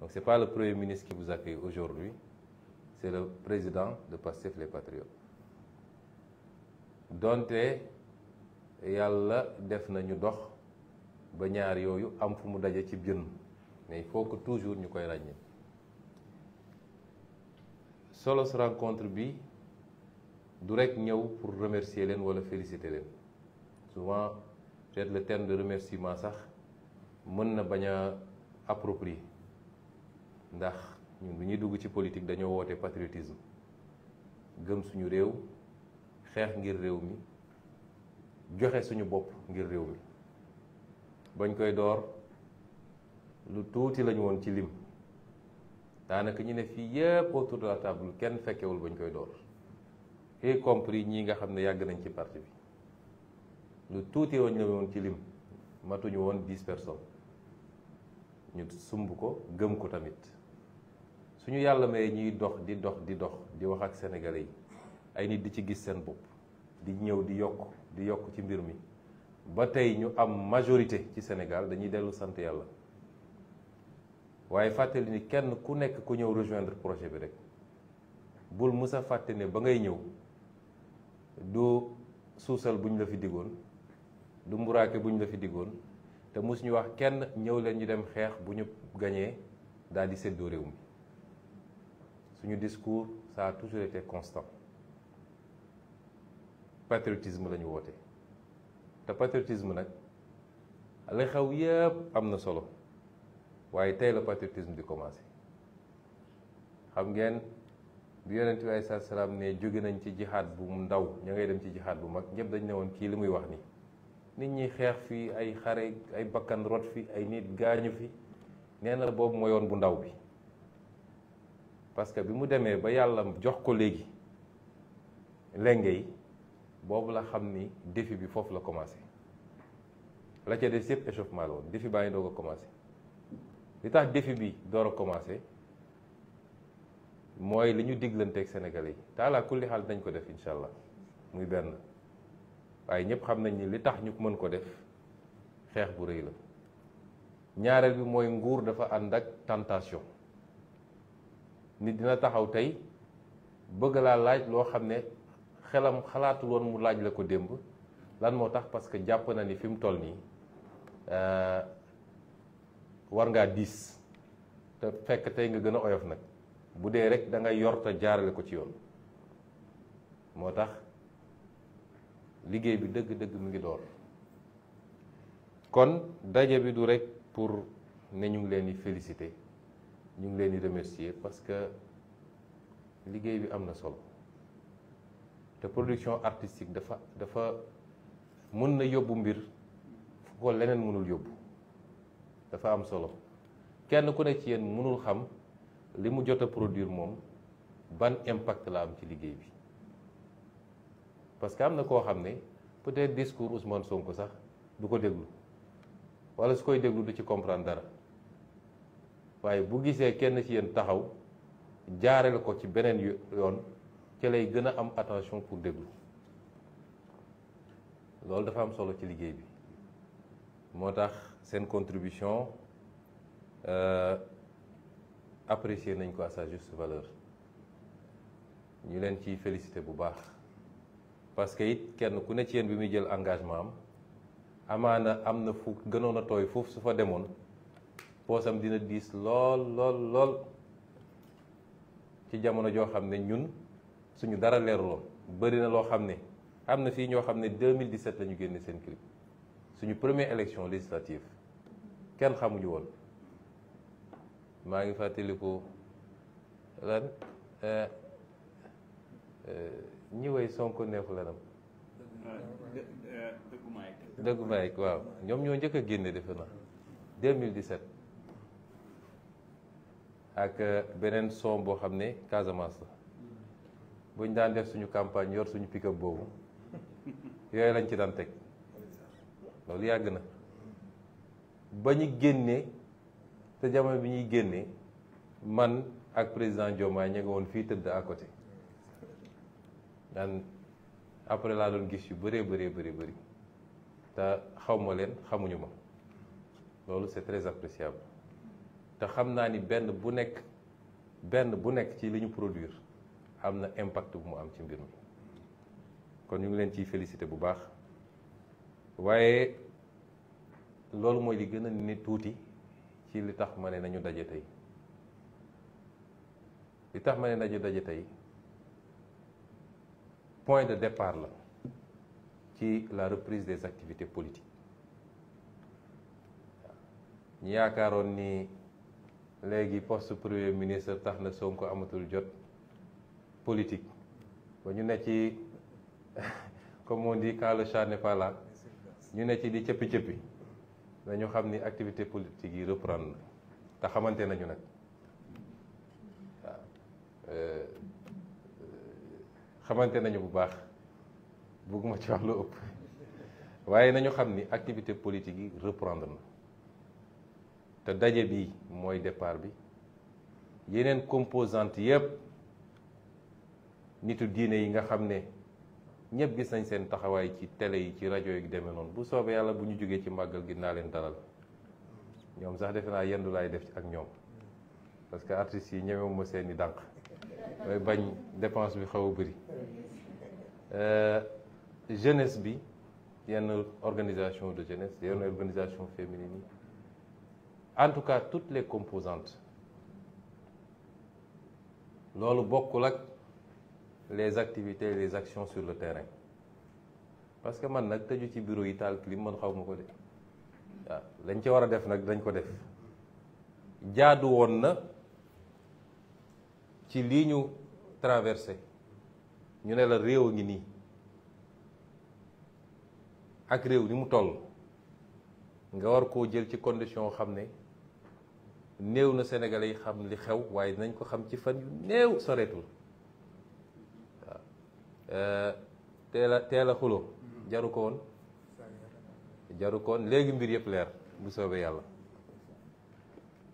Donc ce n'est pas le Premier ministre qui vous accueille aujourd'hui, c'est le président de PASTEF les Patriotes. donte yàlla def nañu dox ba ñaar yooyu am fu mu daje ci jën mais foo faut toujours ñu koy ràññee solos rencontre bi du rekk ñëw pour remercier leen walla féliciter leen souvent peut-être le terme de remerciement sax mën na bañ a approprié ndax ñun bu ñuy dugg ci politique dañoo woote patriotisme gëm suñu réew xeex ngir réew mi joxe suñu bopp ngir réew mi bañ koy door lu tuuti lañu woon ci lim daanaka ñu ne fii yëpp autour de la kenn fekkewul bañ koy door y compris ñii nga xam ne yàgg nañ ci parti bi lu tuuti woon woon ci lim matuñu woon dix personnes ñu sumb ko gëm ko tamit ñu yàlla may ñuy dox di dox di dox di wax ak sénégalais yi ay nit di ci gis seen bopp di ñëw di yokk di yokk ci mbir mi ba tey ñu am majorité ci Sénégal dañuy dellu sant yàlla waaye fàttali ni kenn ku nekk ku ñëw rejoindre projet bi rek bul musa a ba ngay ñëw du suusal bu ñu la fi diggoon du mburaake bu ñu la fi diggoon te mosuñu wax kenn ñëw leen ñu dem xeex bu ñu gañee daal di séddoo réew mi suñu discours saa toujours été constant patriotisme la woote te patriotisme nag li xew yëpp am na solo waaye tey la patriotisme di commencé xam ngeen bi yonent bi alayhi salaam ne jóge nañ ci jihaad bu ndaw ña ngay dem ci jihaad bu mag ñëpp dañ ne woon kii li muy wax ni nit ñi xeex fii ay xare ay bakkan rot fii ay nit gaañu fi nee na boobu mooy yoon bu ndaw bi parce que bi mu demee ba yàlla jox ko léegi lenge yi boobu la xam ni défi bi foofu la commencé la ca des yëpp échauffement woon défi baa ngi doog a commencé li tax défi bi door a commencé mooy li ñu diglanteeg Sénégalais yi taalaa kulli xaal dañ ko def incha allah muy benn waaye ñëpp xam nañ ni li tax ñu mën ko def xeex bu rëy la ñaareel bi mooy nguur dafa ànd ak tantation nit dina taxaw tey bëgg laa laaj loo xam ne xelam xalaatul woon mu laaj la ko démb lan moo tax parce que jàpp na ni fi mu toll nii euh, war ngaa diis te fekk tey nga gën a oyof nag bu dee rek da nga yor te jaarale ko ci yoon moo tax liggéey bi dëgg-dëgg mu ngi door kon daje bi du rek pour ne ñu ngi leen di féliciter ñu ngi leen di remercier parce que liggéey bi am na solo te production artistique dafa dafa mën na yóbbu mbir fu ko leneen mënul yóbbu dafa am solo kenn ku ne ci yéen mënul xam li mu jot produir moom ban impact la am ci liggéey bi parce que am na koo xam ne peut-être discours Ousmane Sonko sax du ko déglu wala su koy déglu du ci comprendre dara. waaye bu gisee kenn ci yéen taxaw jaareel ko ci beneen yoon ci lay gën a am attention pour déglu loolu dafa am solo ci liggéey bi moo tax seen contribution euh, apprécier nañ ko à sa juste valeur ñu leen ciy félicité bu baax parce que it kenn ku ne ci yéen bi muy jël engagement am amaana am na fu gënoon a tooy foofu su fa demoon poosam dina diis lool lool lool ci jamono joo xam ne ñun suñu dara leeruloon bëri na loo xam ne am na fii ñoo xam ne 2017 la ñu génne seen clip suñu premier élection législative kenn xamuñu woon maa ngi fàttaliku lan euh, euh, ñi way Sonko neexu lanam euh, dëggu Mike waaw ñoom ñoo njëkk a génne defe naa 2017 ak euh, beneen son boo xam ne Casamance la bu ñu daan def suñu campagne yor suñu pick boobu yooyu lañ ci daan teg loolu yàgg na ba ñu génnee te jamono bi ñuy génnee man ak président Diomaye ñu ngi woon fii tëdd à côté daan après laa doon gis yu bëree bëree bëri bëri te xaw ma leen xamuñu ma loolu c'est très appréciable te xam naa ni benn bu nekk benn bu nekk ci li ñu produire am na impact bu mu am ci mbir mi kon ñu ngi leen ciy félicité bu baax waaye loolu mooy li gën a ne tuuti ci li tax ma ne nañu daje tey li tax ma ne nañu daje tey point de départ la ci la reprise des activités politiques ñu yaakaaroon ni léegi poste premier ministre tax na Sonko amatul jot politique ba ñu ne ci comme on dit quand le chat ñu ne ci di cëppi cëppi dañu xam ni activité politique yi reprendre te xamante nañu nag waaw euh, xamante nañu bu baax bëgguma ci wax lu ëpp waaye nañu xam ni activité politique yi reprendre na. te daje bi mooy départ bi yeneen composante yépp nitu diine yi nga xam ne ñëpp gis nañ seen taxawaay ci télé yi ci rajo yi demee noonu bu soobee yàlla bu ñu jógee ci màggal gi naa leen dalal ñoom sax defe naa du lay def ci ak ñoom parce que artistes yi ñemewu ma seeni dànq mooy bañ dépense bi xaw a bëri euh, jeunesse bi yenn organisation de jeunesse yenn organisation féminine en tout cas toutes les composantes loolu bokkul ak les activités les actions sur le terrain parce que man nag tëju ci bureau yi taal clim man xaw ma ko de waaw lañ ci war a def nag dañ ko def jaadu woon na ci lii ñu traversé ñu ne la réew a ngi nii ak réew ni mu toll nga war koo jël ci condition xam ne néew na Sénégalais yi xam li xew waaye nañ ko xam ci fan yu néew soreetul waaw eh, teel a teel a jaru ko jaru ko léegi mbir yëpp leer bu soobee yàlla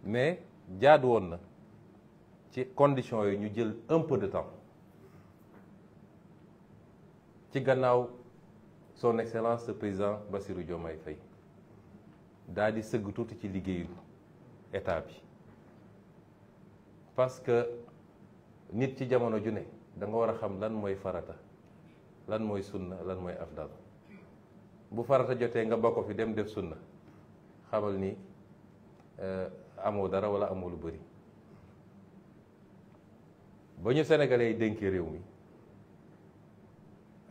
mais jaadu woon na ci conditions yi ñu jël un de temps ci gannaaw son excellence le président Bassirou Diomaye Faye daal di sëgg tuuti ci liggéeyu état bi parce que nit ci jamono ju ne danga war a xam lan mooy farata lan mooy sunna lan mooy af afdal bu farata jotee nga bokk fi dem def sunna xamal ni eh, amoo dara wala amoo lu bari ba ñu sénégalais dénkee réew mi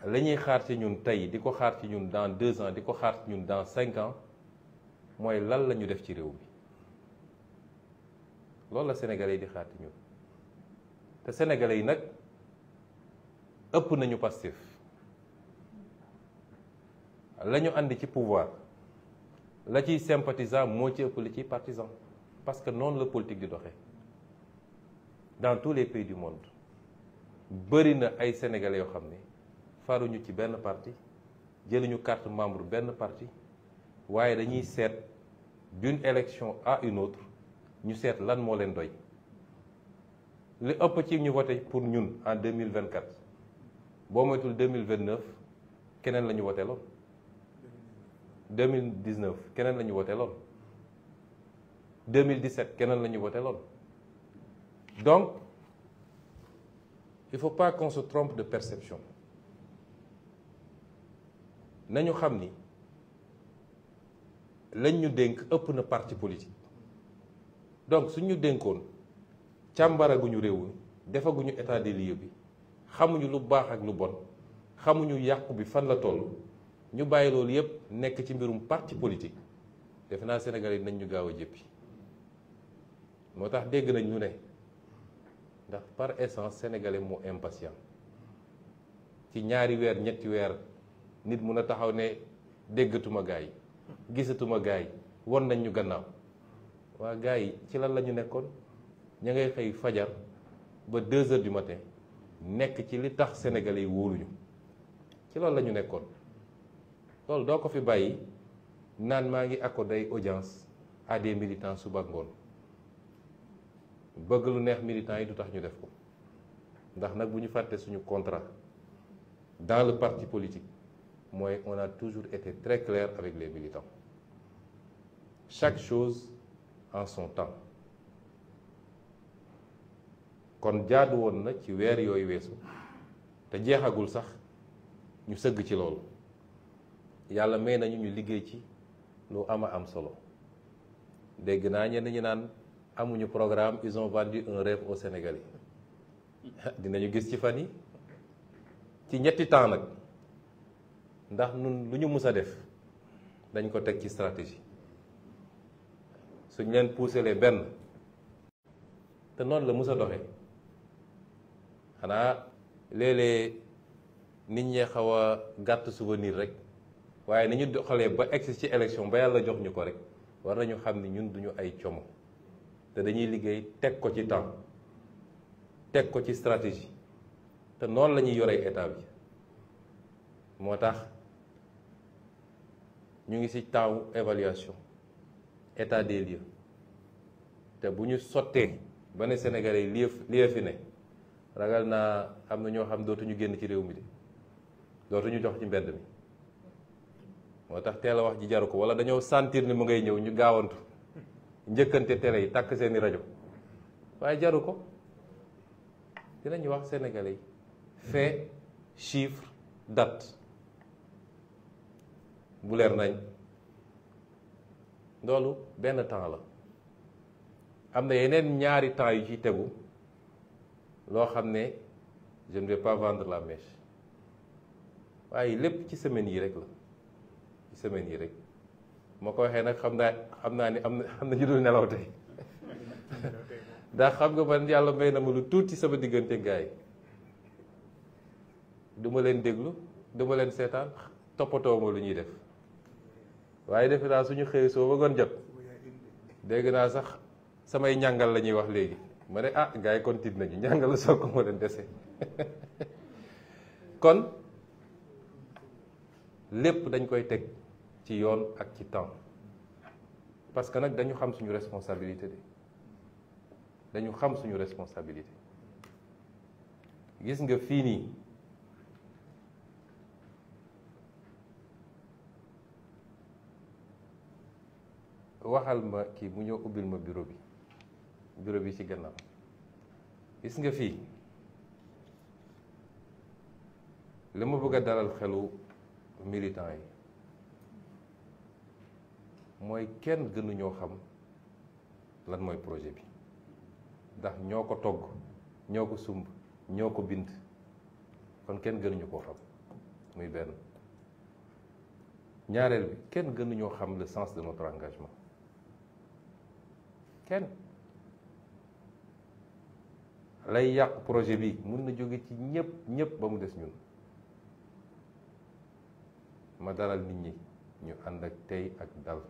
la ñuy xaar ci ñun tey di ko xaar ci ñun dans deux ans di ko xaar ci ñun dans cinq ans mooy lan la ñu def ci réew mi loolu la sénégalais yi di xaar ñun te sénégalais yi nag ëpp nañu Pastef lañu indi ci pouvoir la ciy sympathisant moo ci ëpp li ciy partisan parce que noonu la politique di doxe dans tous les pays du monde bëri na ay sénégalais yoo xam ne faruñu ci benn parti jëluñu carte membre benn parti waaye dañuy seet d'une élection à une autre ñu seet lan moo leen doy li ëpp ci ñu voté pour ñun en deux mille vingt quatre boo moytul deux mille vingt neuf keneen la ñu voté lool. mille dix neuf keneen la ñu voté lool. mille dix keneen la ñu donc il faut pas qu'on se trompe de perception nañu xam ni lañ ñu dénk ëpp na parti politique. donc suñu dénkoon càmbaraguñu réew mi defaguñu état des lieux bi xamuñu lu baax ak lu bon xamuñu yàqu bi fan la toll ñu bàyyi loolu yépp nekk ci mbirum parti politique defe naa Sénégal yi nañ ñu gaaw a jëppi moo tax dégg nañ ñu ne ndax par essence sénégalais moo impatient ci ñaari weer ñetti weer nit mun a taxaw ne déggatuma gaay gisatuma gaay won nañ ñu gannaaw waa gars yi ci lan la ñu nekkoon ñu ngay xëy fajar ba deux heures du matin nekk ci li tax sénégalais yi wóoluñu ci lal la ñu nekkoon loolu doo ko fi bàyyi naan maa ngi accordé ay audience à militant suba ngoon bëgg lu neex militants yi du tax ñu def ko ndax nag bu ñu fàtte suñu contrat dans le parti politique mooy on a toujours été très clair avec les militants chaque chose en son temps kon jaadu woon na ci weer yooyu weesu te jeexagul sax ñu sëgg ci loolu yàlla may nañu ñu liggéey ci lu ama am solo dégg naa ñenn ñi naan amuñu programme ils ont vendu un rêve aux Sénégalais dinañu gis ci fan yi ci ñetti temps nag ndax nun lu ñu mus a def dañ ko teg ci stratégie suñ leen puusalee benn te noonu la mës a doxee xanaa léeg-léeg nit ñee xaw a gàtt souvenir rek waaye ni ñu doxalee ba egsi ci élection ba yàlla jox ñu ko rek war ñu xam ni ñun duñu ay como te dañuy liggéey teg ko ci temps teg ko ci stratégie te noonu la ñuy yoree état bi moo tax ñu ngi ci temps évaluation état des lieux te bu ñu sottee ba ne Sénégalais yi lii fi ne ragal naa am na ñoo xam dootuñu génn ci réew mi de dootuñu jox ci mbedd mi moo tax teela wax ji jaru ko wala dañoo sentir ni mu ngay ñëw ñu gaawantu njëkkante tere yi takk seeni rajo waaye jaru ko dinañu wax sénégalais yi fait chiffre date bu nañ loolu benn temps la am na yeneen ñaari temps yu ci tegu loo xam ne je ne vais pas vendre la mèche waaye lépp ci semaine yi rek la ci semaine yi rek ma ko waxee nag xam naa xam naa ni am na xam na ñu dul nelaw tey ndax xam nga man yàlla may na ma lu tuuti sama diggante gars duma leen déglu du leen seetaan toppatoo ma lu ñuy def waaye defe naa suñu xëyee soo bëggoon jot dégg naa sax samay ñàngal la ñuy wax léegi ma ne ah gars yi kon tiit nañu ñàngal soo ko moo leen dese kon lépp dañ koy teg ci yoon ak ci temps parce que nag dañu xam suñu responsabilité de dañu xam suñu responsabilité gis nga fii nii waxal ma kii mu ñëw ubbil ma bureau bi bureau bi ci gannaaw gis nga fii li ma bëgg a dalal xelu militant yi mooy kenn gënuñoo xam lan mooy projet bi ndax ñoo ko togg ñoo ko sumb ñoo ko bind kon kenn gënuñu koo xam muy benn ñaareel bi kenn gënuñoo xam le sens de notre engagement kenn lay yàq projet bi mun na jóge ci ñëpp ñëpp ba mu des ñun ma dalal nit ñi ñu ànd ak tey ak dal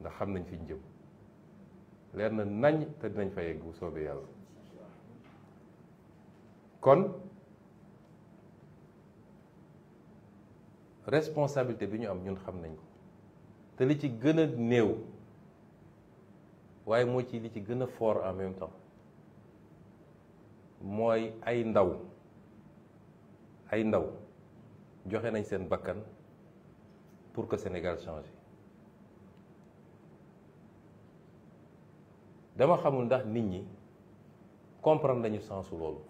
ndax xam nañ fi ñu jëm leer na nañ te dinañ fa yegg bu soobee yàlla kon responsabilité bi ñu am ñun xam nañ ko te li ci gën a néew waaye moo ci li ci gën a fort en même temps mooy ay ndaw ay ndaw joxe nañ seen bakkan pour que Sénégal change dama xamul ndax nit ñi comprendre nañu sensu loolu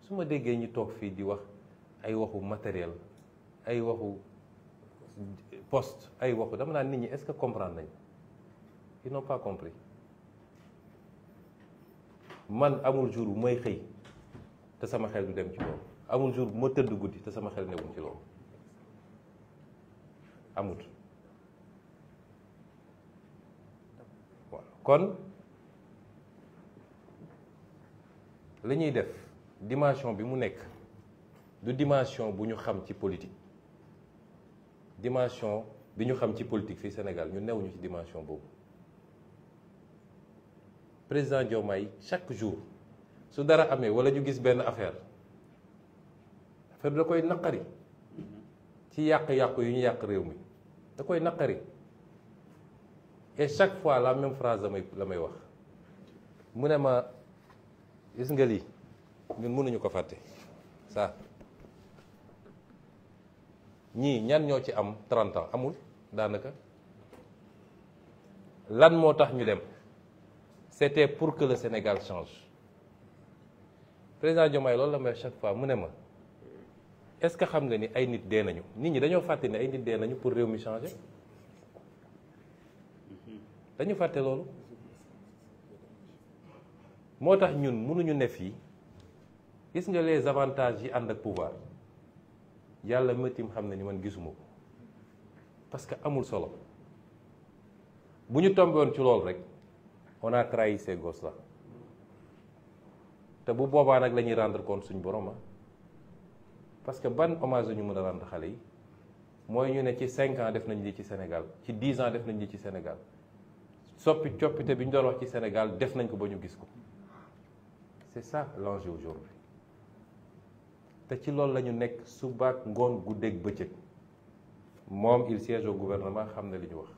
su ma déggee ñu toog fii di wax ay waxu matériel ay waxu poste ay waxu dama naan nit ñi est-ce que comprendre nañ ils n'ont pas compris man amul jour bu may xëy te sama xel du dem ci loolu amul jour bu ma tëdd guddi te sama xel newul ci loolu amut waaw kon li ñuy def dimension bi mu nekk du dimension bu ñu xam ci politique dimension bi ñu xam ci politique fii Sénégal ñu newuñu ci dimension boobu président Diomaye chaque jour su dara amee wala ñu gis benn affaire affaire da koy naqari ci yàq-yàq yu ñu yàq réew mi da koy naqari et chaque fois la même phrase la may la may wax mu ne ma gis nga lii ñun nañu ko fàtte ça ñii ñan ñoo ci am 30 ans amul daanaka lan moo tax ñu dem. c'était pour que le Sénégal change président Diomaye loolu la may chaque fois mu ne ma est-ce que xam nga ni ay nit dee nañu nit ñi dañoo fàtte ni ay nit dee nañu pour réew mi changer dañu fàtte loolu moo tax ñun mënuñu ne fii gis nga les avantages yi ànd ak pouvoir yàlla métim xam na ni man gisuma ko parce que amul solo bu ñu tomboon ci loolu rek on a trahi ces la te bu boobaa nag la ñuy rendre compte suñ borom ah. parce que ban hommage la ñu mën a rendre xale yi mooy ñu ne ci cinq def nañ lii ci Sénégal ci dix ans def nañ lii ci Sénégal soppi coppite bi ñu doon wax ci Sénégal def nañ ko ba ñu gis ko c'est ça l'enjeu aujourd'hui te ci loolu la ñu nekk subaak ngoon guddeeg bëccëg moom il siège au gouvernement xam na li ñu wax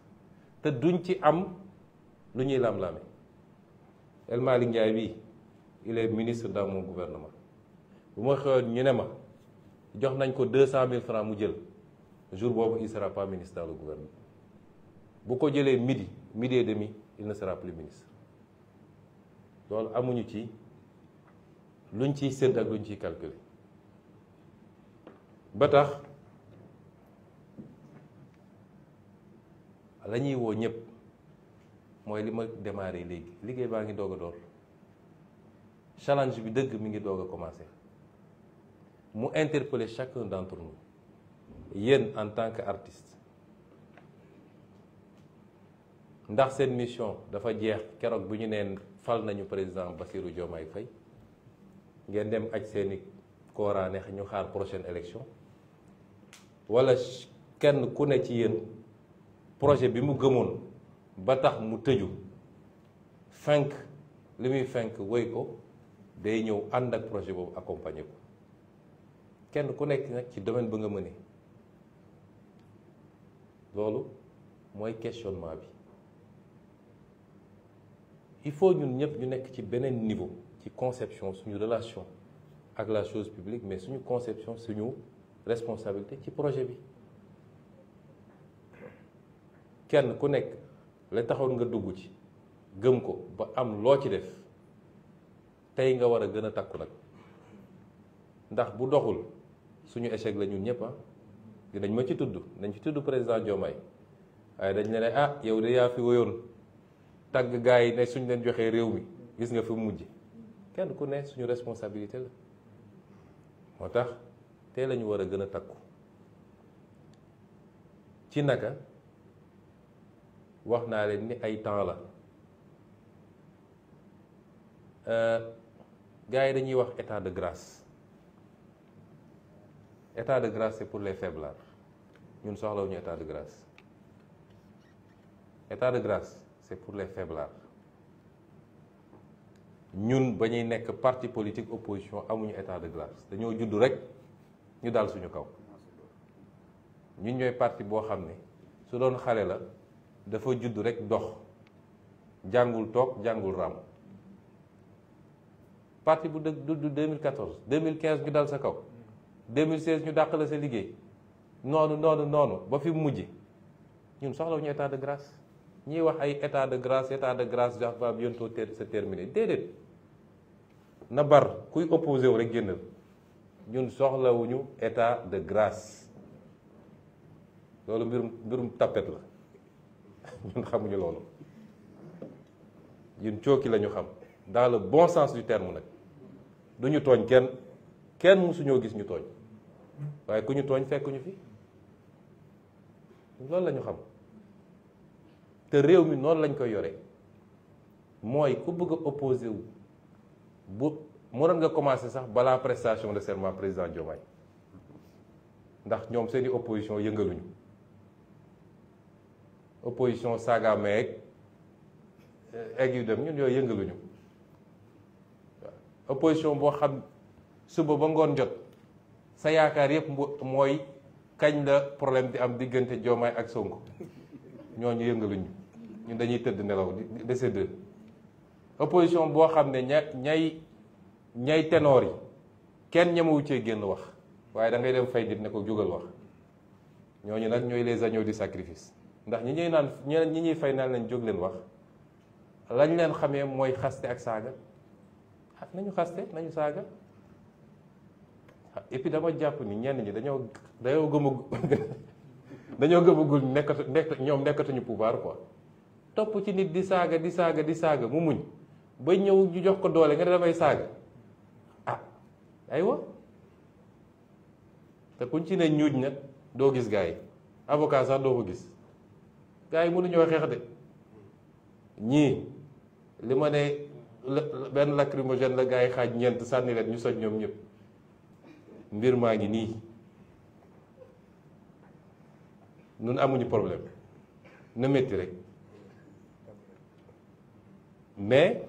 te duñ ci am lu ñuy lam-lame El Malick Ndiaye bi il est ministre dans mon gouvernement bu ma xëyoon ñu ne ma jox nañ ko deux cent mille francs mu jël jour boobu il sera pas ministre dans le gouvernement bu ko jëlee midi midi et demi il ne sera plus ministre loolu amuñu ci luñ ciy sédd ak luñ ciy calculer ba tax la ñuy woo ñëpp mooy li ma démarré léegi liggéey baa ngi doog a door challenge bi dëgg mi ngi doog a commencé mu interpeller chacun d'entre nous yéen en tant que artiste ndax seen mission dafa jeex keroog bi ñu neen fal nañu président Bassirou Diomaye Faye ngeen dem aj seeni kooraane ñu xaar prochaine élection wala kenn ku ne ci yéen projet bi mu gëmoon ba tax mu tëju fenk li muy fenk wéy ko day ñëw ànd ak projet boobu accompagner ko kenn ku nekk nag ci domaine ba nga mëne loolu mooy questionnement bi il faut ñun ñëpp ñu nekk ci beneen niveau ci conception suñu relation ak la chose publique mais suñu conception suñu responsabilité ci projet bi kenn ku nekk la taxoon nga dugg ci gëm ko ba am loo ci def tey nga war a gën a takku nag ndax bu doxul suñu échec la ñun ñëpp ah dinañ ma ci tudd nañ ci tudd président Diomaye waaye dañ ne ah yow de yaa fi wéyoon tàgg gars yi ne suñ leen joxee réew mi gis nga fi mujj kenn ku ne suñu responsabilité la moo tax tey lañu war a gën a takku ci naka. wax naa leen ni ay temps la euh, gars yi dañuy wax état de grâce état de grâce c'est pour les faiblards ñun soxlawuñu état de grace état de grace c'est pour les faiblards ñun ba ñuy nekk parti politique opposition amuñu état de grâce dañoo juddu rek ñu daal suñu kaw ñun ñooy parti boo xam ne su doon xale la. dafa juddu rek dox jàngul toog jàngul raam parti bu dëgg dudd 2014 2015 ñu dal sa kaw 2016 ñu dàq la sa liggéey noonu noonu noonu ba fi mujj ñun soxlawuñu état de grâce ñiy wax ay état de grâce état de grâce ja va bientôt se terminer déedéet na bar kuy opposé wu rek génnal ñun soxlawuñu état de grâce loolu mbirum mbirum tapet la ñun xamuñu loolu ñun cooki lañu xam dans le bon sens du terme nag du ñu tooñ kenn kenn mësuñoo gis ñu tooñ waaye ku ñu tooñ fekkuñu fi loolu lañu xam te réew mi noonu lañ koy yore mooy ku bëgg a opposé wu bu mënoon nga commencé sax balaa prestation de serment président Diomaye ndax ñoom seeni opposition yëngaluñu opposition saaga meeg egg yu dem ñun yooyu yëngaluñu opposition boo xam suba ba ngoon jot sa yaakaar yëpp mooy kañ la problème di am diggante Diomaye ak Sonko ñooñu yëngaluñ ñun dañuy tëdd nelaw de ces deux opposition boo xam ne ña ñay ñay ténor yi kenn ñemewu cee génn wax waaye da ngay dem fay nit ne ko jógal wax ñooñu nag ñooy les agneaux du sacrifice ndax ñi ñuy naan ñi ñuy fay naan lañ jóg leen wax lañ leen xamee mooy xaste ak saaga ah, nañu xaste nañu saaga ah, et dama jàpp ni ñenn ñi dañoo dañoo gëm a dañoo gëmagul nekkatu nekk ñoom nekkatuñu pouvoir quoi topp ci nit di saaga di saaga di saaga mu muñ ba ñëw ñu jox ko doole nga ne damay saaga ah aywa te kuñ ci ne ñuuj nag doo gis gars yi avocat sax doo ko gis gars yi mënuñoo xeex de ñii li ma ne benn lacrymogène la gars yi xaaj ñeent sànni leen ñu soj ñoom ñëpp mbir maa ngi nii nun amuñu problème na métti rek mais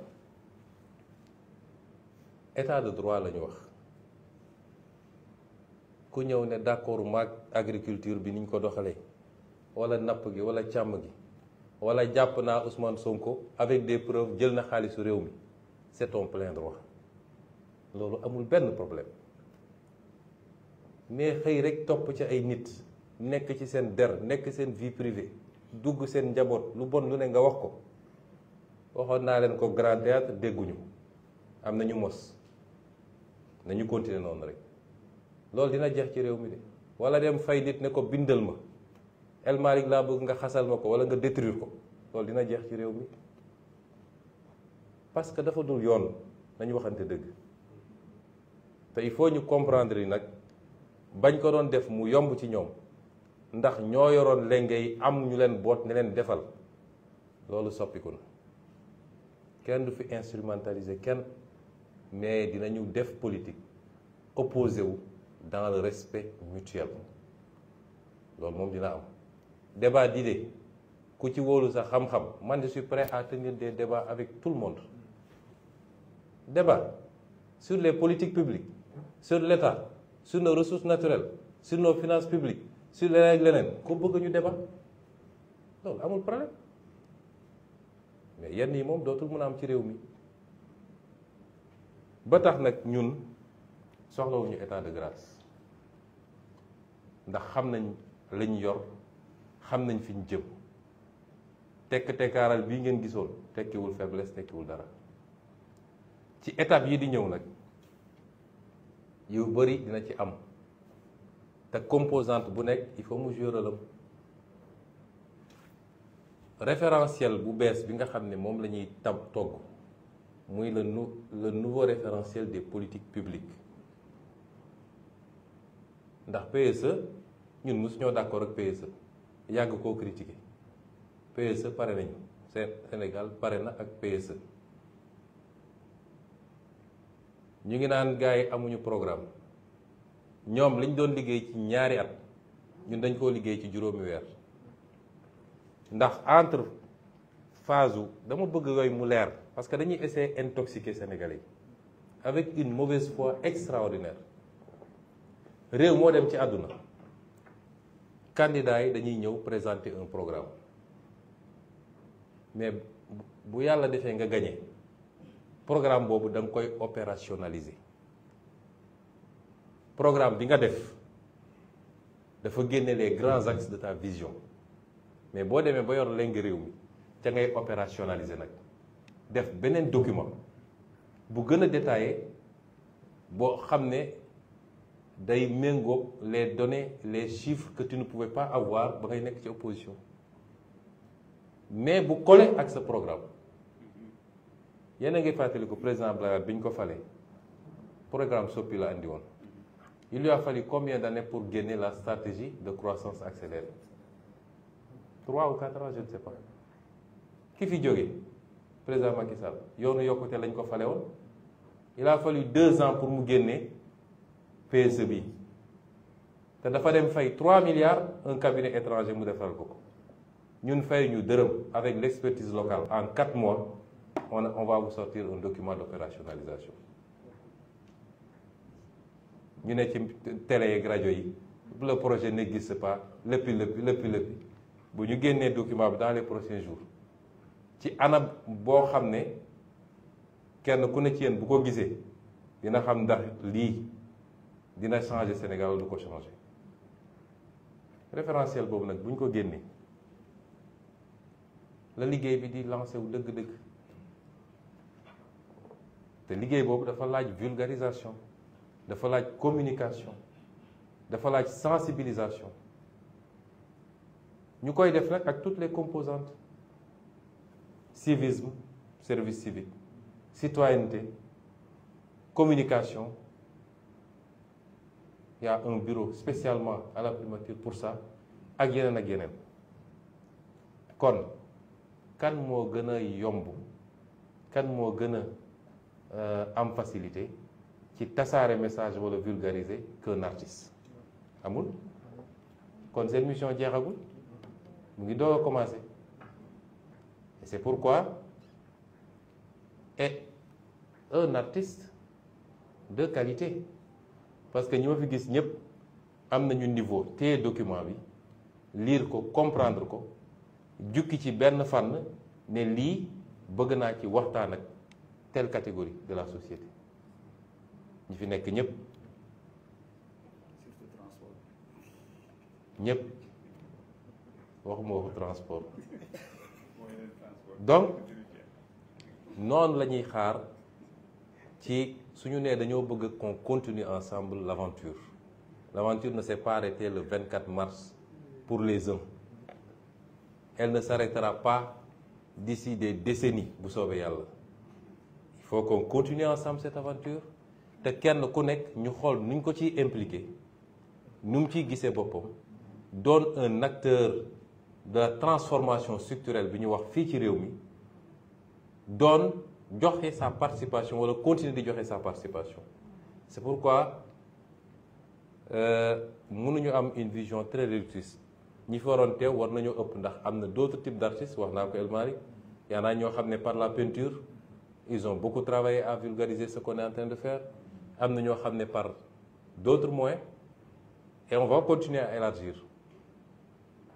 état de droit la ñu wax ku ñëw ne d'accord mag agriculture bi niñ ko doxalee wala napp gi wala càmm gi wala jàpp naa Ousmane Sonko avec des preuves jël na xaalisu réew mi c'est ton plein droit loolu amul benn problème mais xëy rek topp ci ay nit nekk ci seen der nekk seen vie privée dugg seen njaboot lu bon lu ne nga wax ko waxoon naa leen ko grand théâtre dégguñu am na ñu mos nañu continuer noonu rek loolu dina jeex ci réew mi de wala dem fay nit ne ko bindal ma El yi laa bëgg nga xasal ma ko wala nga détruire ko loolu dina jeex ci réew mi parce que dafa dul yoon nañu waxante dëgg tey il ñu comprendre yi nag bañ ko doon def mu yomb ci ñoom ndax ñoo yoroon lenge yi am ñu leen boot ne leen defal loolu soppiku na kenn du fi instrumentaliser kenn mais dinañu def politique opposé wu dans le respect mutuel loolu moom dina am débat d'idées ku ci wóolu sax xam-xam man de suis prêt à tenir des débats avec tout le monde débat sur les politiques publiques sur l'État sur nos ressources naturelles sur nos finances publiques sur leneen ak leneen ku bëgg ñu débat loolu amul problème mais yenn yi moom dootul mun a am ci réew mi ba tax nag ñun soxlawuñu état de grâce ndax xam nañ lañ yor xam nañ fi ñu jëm tekk tekkaaral bii ngeen gisoon tekkiwul faiblesse tekkiwul dara ci étape yi di ñëw nag yu bëri dina ci am te composante bu nekk il faut mu jouer référentiel bu bees bi nga xam ne moom la ñuy tab togg muy le nu le nouveau référentiel des politiques publiques ndax PSE ñun mosu ñoo d'accord ak PSE yàgg koo critiqué PSE pare nañu seen Sénégal pare na ak PSE ñu ngi naan gars amuñu programme ñoom liñ doon liggéey ci ñaari at ñun dañ koo liggéey ci juróomi weer ndax entre phase u dama bëgg yooyu mu leer parce que dañuy essayer intoxique Sénégalais yi avec une mauvaise foi extraordinaire réew moo dem ci àdduna candidats yi dañuy ñëw présenter un programme mais bu yàlla defee nga gagné programme boobu da koy opérationnaliser programme bi nga def dafa génne les grands axes de ta vision mais boo demee ba yor leng réew mi ca ngay opérationnaliser nag def beneen document bu gën a détaillé boo xam ne. day méngóog les données les chiffres que tu ne pouvais pas avoir ba ngay nekk ci opposition mais bu collé ak sa programme yéen a ngi fàttali ko président Abdoulaye bi ñu ko fale programme soppi la andi woon il lui a fallu combien d'années pour génne la stratégie de croissance accélérée trois ou quatre ans je ne ki fi jóge président Macky Sall yoonu yokkute lañ ko fale woon il a fallu deux ans pour mu génne. PSE bi te dafa dem fay 3 milliards un cabinet étranger mu defal ko ko ñun fay ñu dërëm avec l' expertise locale en 4 mois on on va vous sortir un document d' ñu ne ci télé yeeg rajo yi le projet n'existe pas léppi léppi léppi léppi bu ñu génnee document bi dans les prochains ci anam boo xam ne kenn ku ne ci yéen bu ko gisee dina xam ndax lii dina changer Sénégal du ko changer référentiel boobu nag bu ñu ko génnee la liggéey bi di lancé wu dëgg-dëgg te liggéey boobu dafa laaj vulgarisation dafa laaj communication dafa laaj sensibilisation ñu koy def nag ak toutes les composantes civisme service civique citoyenneté communication yaa un bureau spécialement à la primature pour ça ak yeneen ak yeneen kon kan moo gën a yomb kan moo gën a euh, am facilité ci tasaare message wala vulgariser qu'un artiste amul kon seen mission jeexagul mu ngi doog a commencé et c'est pourquoi et un artiste de qualité parce que ñi ma fi gis ñëpp am nañu niveau téye document bi liir ko comprendre ko jukki ci benn fànn ne lii bëgg naa ci waxtaan ak telle catégorie de la société ñi fi nekk ñëpp ñëpp waxuma waxu transport donc noonu la ñuy xaar ci suñu nee dañoo bëgg qu'on continue ensemble l'aventure l'aventure ne s'est pas arrêtée le 24 mars pour les uns elle ne s'arrêtera pas d'ici des décennies bu soobee yàlla il faut qu'on continue ensemble cette aventure te kenn ku nekk ñu xool nuñ ko ci impliqué nu mu ciy gisee boppam doon un acteur de transformation structurelle bi ñu wax fii ci réew mi joxe sa participation wala continuer di joxe sa participation c'est pourquoi euh, mënuñu am une vision très réductrice ñi fi waroon teew war nañoo ëpp ndax am na d'autres types d'artistes wax naa ko El Malick yaa naa ñoo xam ne par la peinture ils ont beaucoup travaillé à vulgariser ce qu'on est train de faire am na ñoo xam ne par d'autres moyens et on va continuer à élargir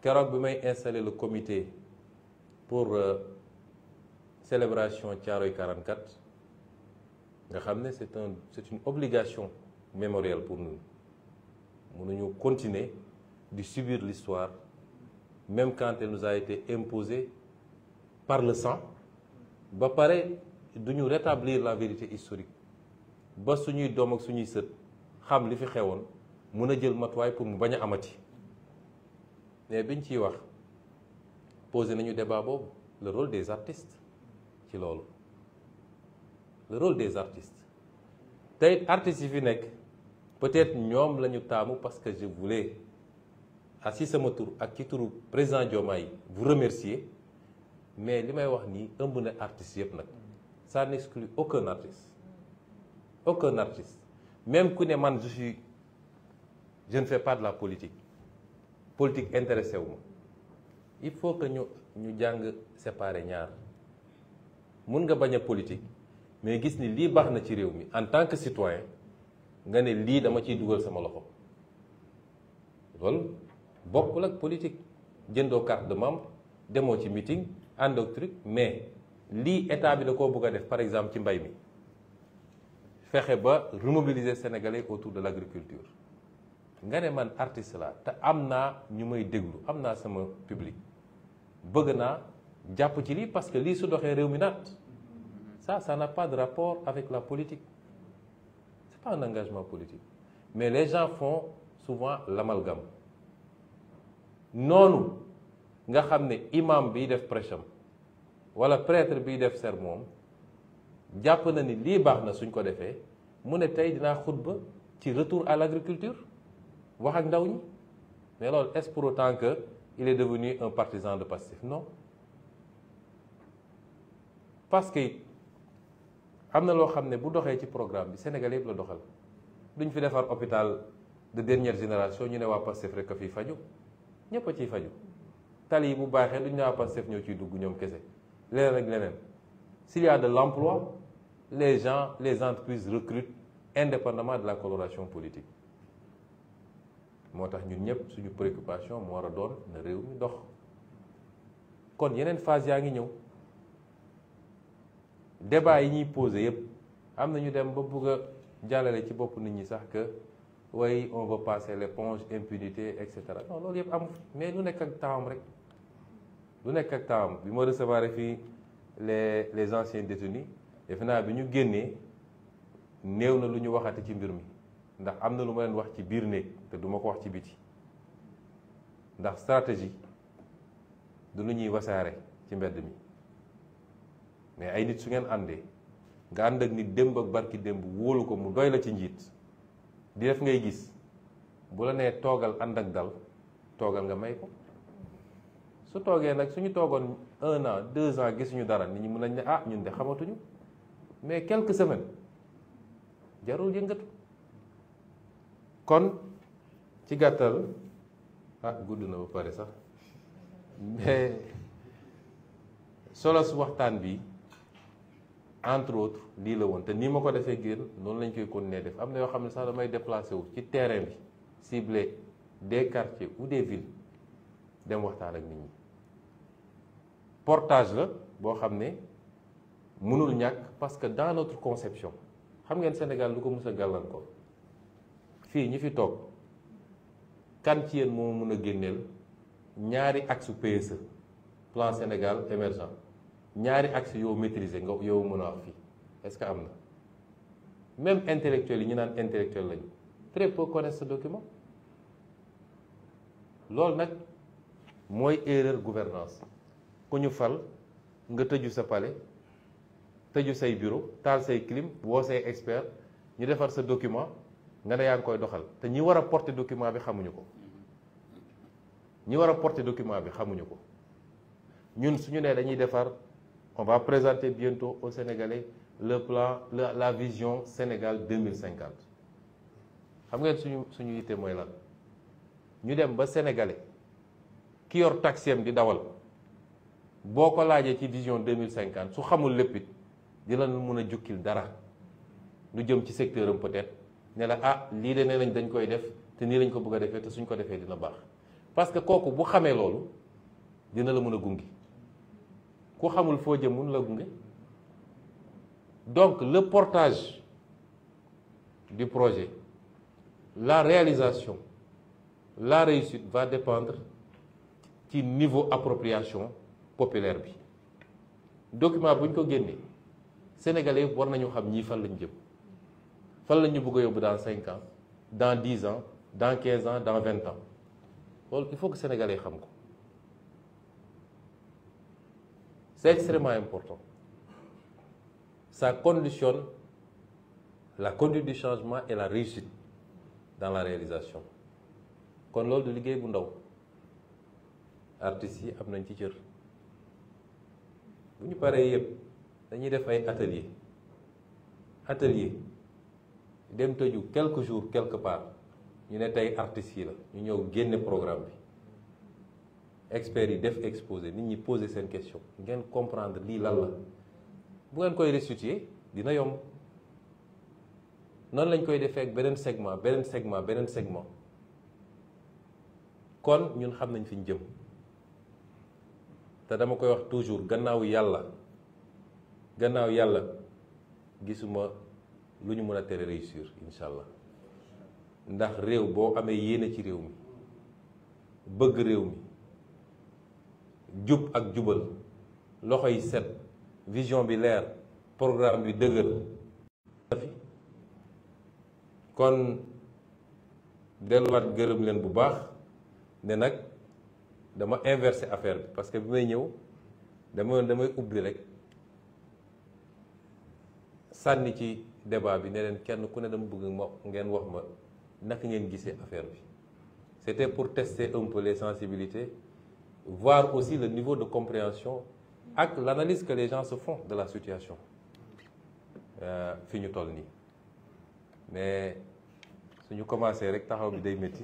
keroog bi may installer le comité pour euh, célébration quarante quatre nga xam ne c'est un c'est une obligation mémorielle pour nous mënuñu continuer di subir l'histoire même quand elle nous a été par le sang ba pare duñu rétablir la vérité historique ba suñuy doom ak suñuy sët xam li fi xewoon mun a jël matuwaay pour mu bañ a amati mais biñ ci wax posé nañu débat boobu la rôle des artistes ci loolu le rôle des artistes tey artistes yi fi nekk peut-être ñoom la ñu taamu parce que je voulais à ci sama tur ak ci turu président Diomaye vous remercier mais li may wax nii ëmb na artistes yëpp nag ça n'exclut aucun artiste aucun artiste même ku ne man je jeune je part la politique politique intéressé wu il faut que ñu ñu jàng séparer ñaar mun nga bañ a politique mais gis ni lii baax na ci réew mi en tant que citoyen nga ne lii dama ciy dugal sama loxo loolu bokkul ak politique jëndoo carte de membre demoo ci meeting ànd ak mais lii état bi na koo bëgg a def par exemple ci mbay mi fexe ba remobiliser sénégalais autour de l' agriculture nga ne man artiste la te am naa ñu may déglu am naa sama public bëgg naa. jàpp ci lii parce que lii su doxee réew mi naat ça ça n'a pas de rapport avec la politique c'est pas un engagement politique mais les gens font souvent l'amalgame noonu nga xam ne imam biy def prêche am wala prêtre biy def moom jàpp na ni lii baax na suñ ko defee mu ne tey dinaa xutba ci retour à l'agriculture wax ak ndaw ñi mais loolu est-ce pour autant que il est devenu un partisan de Pastef non parce que am na loo xam ne bu doxee ci programme bi Sénégal yëpp la doxal duñ fi defar hôpital de dernière génération ñu ne waa Pastef rek a fiy faju ñëpp a ciy faju tali yi bu baaxee duñ ne waa Pastef ñoo ciy dugg ñoom kese leneen ak leneen s'il y a de l'emploi les gens les entreprises recrutent indépendamment de la coloration politique moo tax ñun ñëpp suñu préoccupation mu war a doon na réew mi dox kon yeneen phase yaa ngi ñëw débat yi ñuy posé yëpp am na ñu dem ba bugg a jàllale ci bopp nit ñi sax que way on va passer l'éponge impunité et cetera loolu yëpp am mais lu nekk ak taawam rek lu nekk ak taawam bi ma recevoir fii les les anciens détenus defe naa bi ñu génnee néew na lu ñu waxati ci mbir mi ndax am na lu ma leen wax ci biir néeg te duma ko wax ci biti ndax stratégie du lu ñuy wasaare ci mbedd mi mais ay nit su ngeen àndee nga ànd ak nit démb ak barki démb wóolu ko mu doy la ci njiit di def ngay gis bu la nee toogal ànd ak dal toogal nga may ko su toogee nag suñu toogoon un an deux ans gisuñu dara nit ñi mën nañ ne ah ñun de xamatuñu mais quelque semaine jarul yëngatu kon ci gàttal ah gudd na ba pare sax mais solos waxtaan bi entre autres lii la woon te nii ma ko defee génn noonu lañ koy nee def am na yoo xam ne sax damay déplacé wu ci terrain bi cible des quartiers ou des villes dem waxtaan ak nit ñi portage la boo xam ne mënul ñàkk parce que dans notre conception xam ngeen Sénégal lu ko mës a gàllankoor fii ñi fi toog kan ci yéen moo mun a génneel ñaari axe PSE plan Sénégal émergent ñaari axe yow maîtriser nga yow mën a wax fii est-ce que am na même intellectuel yi ñu naan intellectuel lañu très peu connaissent sa document loolu nag mooy erreur gouvernance ku ñu fal nga tëju sa pale tëju say bureau taal say clim woo say expert ñu defar sa document nga ne yaa ngi koy doxal te ñi war a porter document bi xamuñu ko ñi war a porter document bi xamuñu ko ñun suñu nee dañuy defar on va présenter bientôt au Sénégalais le plan la, la vision Sénégal 2050 xam ngeen suñu suñu yitte mooy lan ñu dem ba sénégalais ki yor taxiem di dawal boo ko laajee ci vision 2050 su xamul lépp it dina mun a jukkil dara lu jëm ci secteur am peut-être ne la ah lii de ne nañ dañ koy def te nii lañ ko bugg a defee te suñ ko defee dina baax parce que kooku bu xamee loolu dina la mun a gungi ku xamul foo jëm mun la gunge donc le portage du projet la réalisation la réussite va dépendre ci niveau appropriation populaire bi document bu ñu ko génnee sénégalais war nañu xam ñii fan lañu jëm fan la ñu bëgg a yóbbu dans cinq ans dans dix ans dans quinze ans dans vingt ans loolu il faut que sénégalais xam ko C'est extrêmement important. Ça conditionne la conduite du changement et la réussite dans la réalisation. kon loolu du liggéey bu ndaw artistes yi am nañ ci cër bu ñu paree yëpp dañuy def ay atelier atelier dem tëju quelque jour quelque part ñu ne tey artistes yi la ñu ñëw génne programme bi experts yi def exposé nit ñi posé seen question ngeen comprendre lii lan la bu ngeen koy restituer dina yomb noonu lañ koy defee ak beneen segment beneen segment beneen segment kon ñun xam nañ fi ñu jëm te dama koy wax toujours gannaaw yàlla gannaaw yàlla gisuma lu ñu mën a tere réussir incha allah ndax réew boo amee yéene ci réew mi bëgg réew mi jub ak jubal loxo yi set vision bi leer programme bi dëgër kon delluwaat gërëm leen bu baax ne nag dama inverse affaire bi parce que bi may ñëw dama damay ubbi rek sànni ci débat bi ne leen kenn ku ne dama bëgg ma ngeen wax ma naka ngeen gisee affaire bi c'était pour tester un peu les sensibilités voir aussi le niveau de compréhension ak l'analyse que les gens se font de la situation euh, fi ñu toll nii mais suñu commencé rek taxaw bi day métti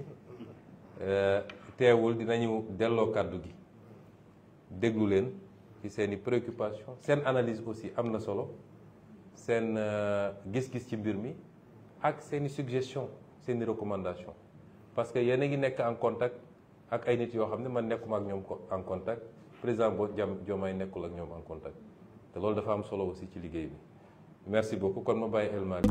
euh, teewul dinañu delloo kàddu gi déglu leen ci seen i préoccupation seen analyse aussi am na solo seen euh, gis-gis ci mbir mi ak seen i suggestion seen i recommandation parce que yéen a nekk en contact ak ay nit yoo xam ne man nekkuma ak ñoom en contact président boo jam Diomaye nekkul ak ñoom en contact te loolu dafa am solo aussi ci liggéey bi merci beaucoup kon ma bàyyi El Malick